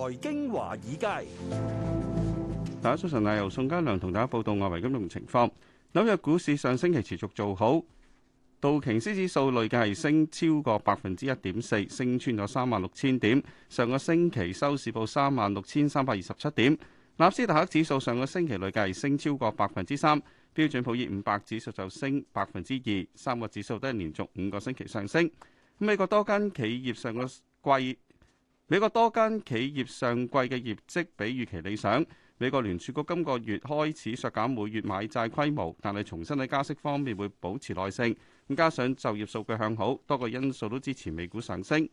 財經華爾街，大家早晨啊！由宋嘉良同大家報道外圍金融情況。紐約股市上星期持續做好，道瓊斯指數累計係升超過百分之一點四，升穿咗三萬六千點。上個星期收市報三萬六千三百二十七點。納斯達克指數上個星期累計係升超過百分之三，標準普爾五百指數就升百分之二。三個指數都係連續五個星期上升。美國多間企業上個季美國多間企業上季嘅業績比預期理想。美國聯儲局今個月開始削減每月買債規模，但係重新喺加息方面會保持耐性。加上就業數據向好，多個因素都支持美股上升。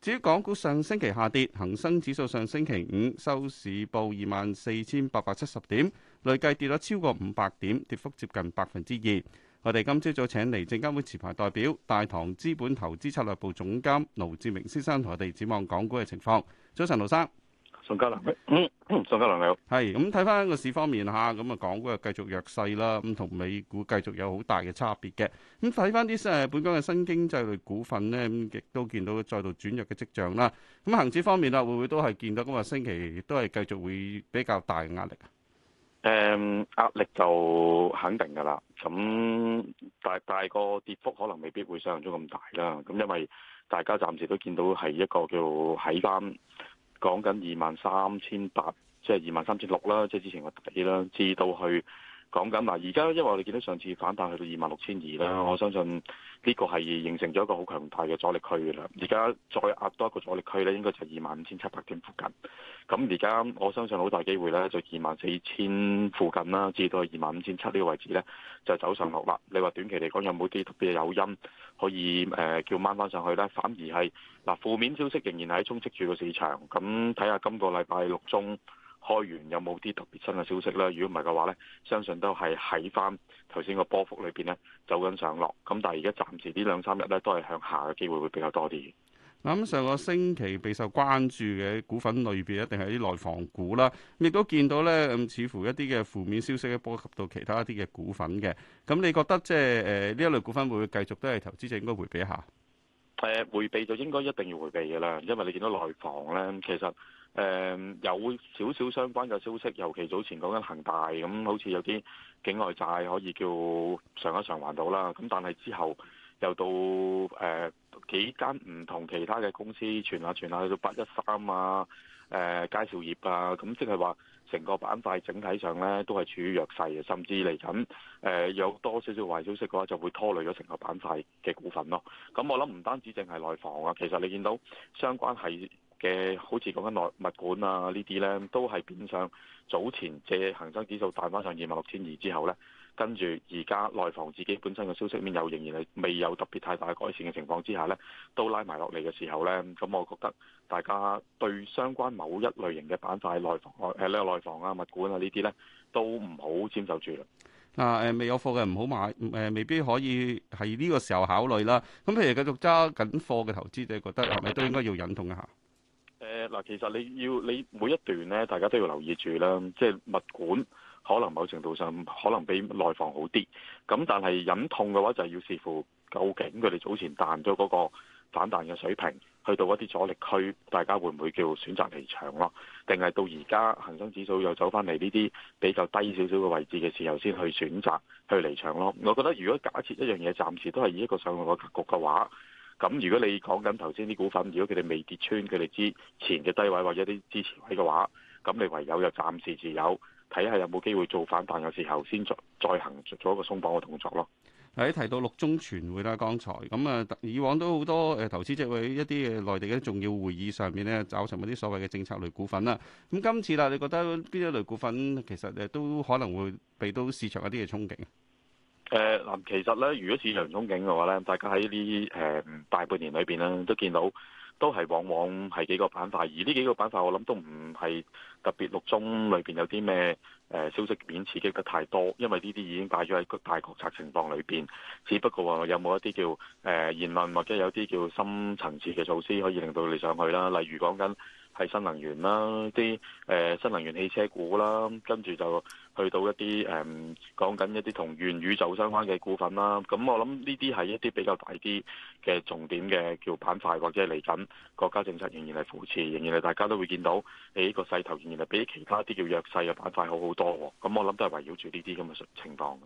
至於港股上星期下跌，恒生指數上星期五收市報二萬四千八百七十點，累計跌咗超過五百點，跌幅接近百分之二。我哋今朝早，早請嚟證監會持牌代表、大唐資本，投資策略部總監盧志明先生同我哋展望港股嘅情況。早晨，盧生，宋嘉良，嗯，宋嘉良你好。係，咁睇翻個市方面嚇，咁啊，港股又繼續弱勢啦，咁同美股繼續有好大嘅差別嘅。咁睇翻啲本港嘅新經濟類股份咧，咁亦都見到再度轉弱嘅跡象啦。咁行指方面啦，會唔會都係見到今日星期都係繼續會比較大嘅壓力？誒、嗯、壓力就肯定㗎啦，咁但、但係個跌幅可能未必會想像中咁大啦，咁因為大家暫時都見到係一個叫喺翻講緊二萬三千八，即係二萬三千六啦，即係之前個底啦，至到去。講緊嗱，而家因為我哋見到上次反彈去到二萬六千二啦，我相信呢個係形成咗一個好強大嘅阻力區嘅啦。而家再壓多一個阻力區咧，應該就二萬五千七百點附近。咁而家我相信好大機會咧，就二萬四千附近啦，至到二萬五千七呢個位置咧，就走上落啦。你話短期嚟講有冇啲特別嘅誘因可以誒叫掹翻上去咧？反而係嗱，負面消息仍然喺充斥住個市場。咁睇下今個禮拜六中，開完有冇啲特別新嘅消息咧？如果唔係嘅話呢，相信都係喺翻頭先個波幅裏邊呢，走緊上落。咁但係而家暫時呢兩三日呢，都係向下嘅機會會比較多啲。咁、嗯嗯、上個星期備受關注嘅股份類別一定係啲內房股啦。咁亦都見到呢，咁似乎一啲嘅負面消息咧，波及到其他一啲嘅股份嘅。咁你覺得即係呢一類股份會唔會繼續都係投資者應該迴避一下？誒迴避就應該一定要迴避嘅啦，因為你見到內房呢，其實。誒、嗯、有少少相關嘅消息，尤其早前講緊恒大咁，好似有啲境外債可以叫上一上環到啦。咁但係之後又到誒、嗯、幾間唔同其他嘅公司傳下傳下去到八一三啊、誒、呃、介紹業啊，咁即係話成個板塊整體上咧都係處於弱勢啊，甚至嚟緊誒有多少少壞消息嘅話，就會拖累咗成個板塊嘅股份咯。咁我諗唔單止淨係內房啊，其實你見到相關係嘅好似講緊內物管啊呢啲咧，都係變相早前借恒生指數彈返上二萬六千二之後咧，跟住而家內房自己本身嘅消息面又仍然係未有特別太大嘅改善嘅情況之下咧，都拉埋落嚟嘅時候咧，咁我覺得大家對相關某一類型嘅板塊內房誒咧、呃、內房啊物管啊呢啲咧，都唔好沾手住啦。嗱、啊、誒、呃、未有貨嘅唔好買誒、呃，未必可以係呢個時候考慮啦。咁譬如繼續揸緊貨嘅投資者，覺得係咪都應該要忍痛一下？嗱，其實你要你每一段咧，大家都要留意住啦。即係物管可能某程度上可能比內房好啲，咁但係忍痛嘅話，就要視乎究竟佢哋早前彈咗嗰個反彈嘅水平，去到一啲阻力區，大家會唔會叫選擇離場咯？定係到而家恒生指數又走翻嚟呢啲比較低少少嘅位置嘅時候，先去選擇去離場咯？我覺得如果假設一樣嘢暫時都係以一個上行嘅格局嘅話，咁如果你講緊頭先啲股份，如果佢哋未跌穿佢哋之前嘅低位或者啲支持位嘅話，咁你唯有就暫時持有，睇下有冇機會做反彈，有時候先再再行做一個鬆綁嘅動作咯。喺提到六中全會啦，剛才咁啊，以往都好多誒投資者會一啲內地嘅重要會議上面咧，找尋一啲所謂嘅政策類股份啦。咁今次啦，你覺得邊一類股份其實都可能會俾到市場一啲嘅憧憬？誒，嗱，其實咧，如果市場憧憬嘅話咧，大家喺呢啲誒大半年裏邊咧，都見到都係往往係幾個板塊，而呢幾個板塊我諗都唔係特別六中裏邊有啲咩誒消息面刺激得太多，因為呢啲已經擺咗喺個大局策情況裏邊，只不過話有冇一啲叫誒、呃、言論或者有啲叫深層次嘅措施，可以令到你上去啦，例如講緊，係新能源啦，啲誒新能源汽車股啦，跟住就去到一啲誒講緊一啲同元宇宙相關嘅股份啦。咁我諗呢啲係一啲比較大啲嘅重點嘅叫板塊，或者係嚟緊國家政策仍然係扶持，仍然係大家都會見到喺、呢個勢頭，仍然係比其他啲叫弱勢嘅板塊好好多。咁我諗都係圍繞住呢啲咁嘅情況。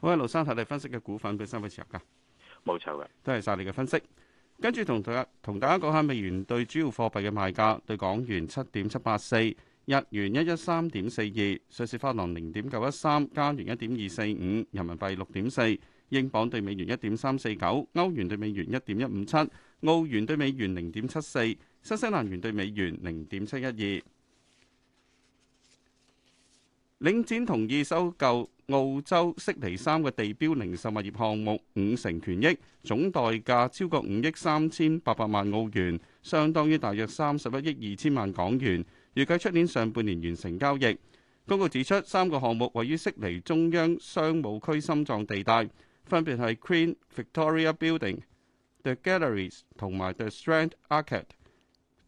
好啊，盧生睇你分析嘅股份俾三位持有㗎，冇錯嘅，都係晒你嘅分析。跟住同大同大家講下美元對主要貨幣嘅賣價，對港元七點七八四，日元一一三點四二，瑞士法郎零點九一三，加元一點二四五，人民幣六點四，英鎊對美元一點三四九，歐元對美元一點一五七，澳元對美元零點七四，新西蘭元對美元零點七一二。領展同意收購。澳洲悉尼三個地標零售物業項目五成權益，總代價超過五億三千八百萬澳元，相當於大約三十一億二千萬港元。預計出年上半年完成交易。公告指出，三個項目位於悉尼中央商務區心臟地帶，分別係 Queen Victoria Building、The Galleries 同埋 The Strand Arcade。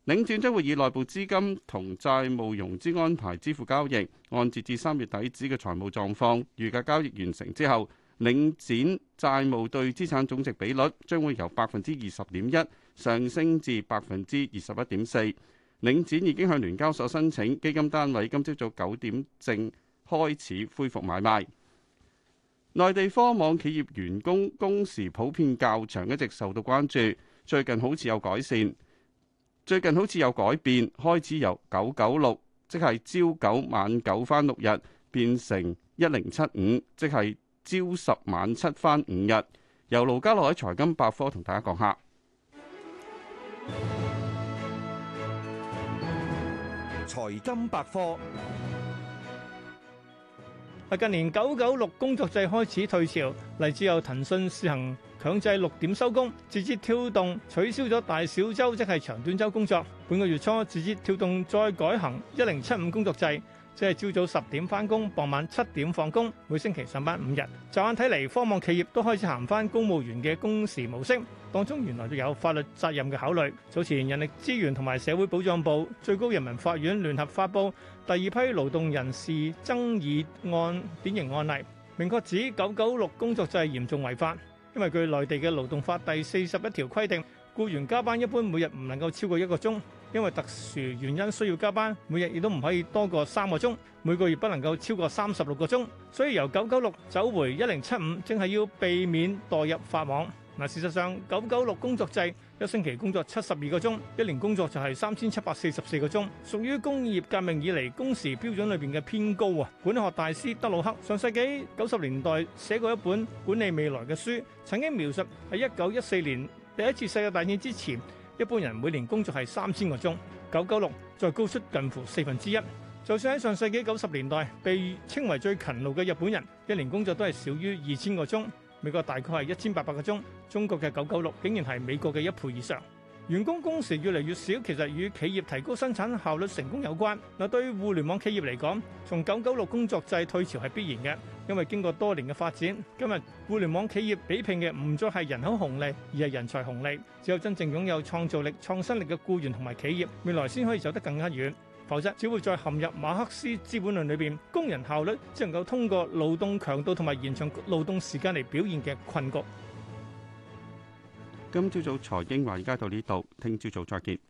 領展將會以內部資金同債務融資安排支付交易，按截至三月底止嘅財務狀況。預計交易完成之後，領展債務對資產總值比率將會由百分之二十點一上升至百分之二十一點四。領展已經向聯交所申請基金單位，今朝早九點正開始恢復買賣。內地科網企業員工工時普遍較長，一直受到關注，最近好似有改善。最近好似有改變，開始由九九六，即係朝九晚九返六日，變成一零七五，即係朝十晚七返五日。由盧家樂喺財金百科同大家講下。財金百科，啊，近年九九六工作制開始退潮，嚟自有騰訊試行。強制六點收工，字節跳動取消咗大小周，即係長短週工作。本個月初，字節跳動再改行一零七五工作制，即係朝早十點返工，傍晚七點放工，每星期上班五日。乍眼睇嚟，科網企業都開始行翻公務員嘅工時模式。當中原來都有法律責任嘅考慮。早前，人力資源同埋社會保障部、最高人民法院聯合發布第二批勞動人事爭議案典型案例，明確指九九六工作制嚴重違法。因為據內地嘅勞動法第四十一條規定，僱員加班一般每日唔能夠超過一個鐘，因為特殊原因需要加班，每日亦都唔可以多過三個鐘，每個月不能夠超過三十六個鐘，所以由九九六走回一零七五，正係要避免代入法網。嗱，事實上，九九六工作制，一星期工作七十二個鐘，一年工作就係三千七百四十四個鐘，屬於工業革命以嚟工時標準裏邊嘅偏高啊！管理學大師德魯克上世紀九十年代寫過一本《管理未來》嘅書，曾經描述喺一九一四年第一次世界大戰之前，一般人每年工作係三千個鐘，九九六再高出近乎四分之一。就算喺上世紀九十年代，被稱為最勤勞嘅日本人，一年工作都係少於二千個鐘。美國大概係一千八百個鐘，中國嘅九九六竟然係美國嘅一倍以上。員工工時越嚟越少，其實與企業提高生產效率成功有關。嗱，對於互聯網企業嚟講，從九九六工作制退潮係必然嘅，因為經過多年嘅發展，今日互聯網企業比拼嘅唔再係人口紅利，而係人才紅利。只有真正擁有創造力、創新力嘅僱員同埋企業，未來先可以走得更加遠。否則，只會再陷入馬克思資本論裏邊，工人效率只能夠通過勞動強度同埋延長勞動時間嚟表現嘅困局。今朝早財經華爾街到呢度，聽朝早再見。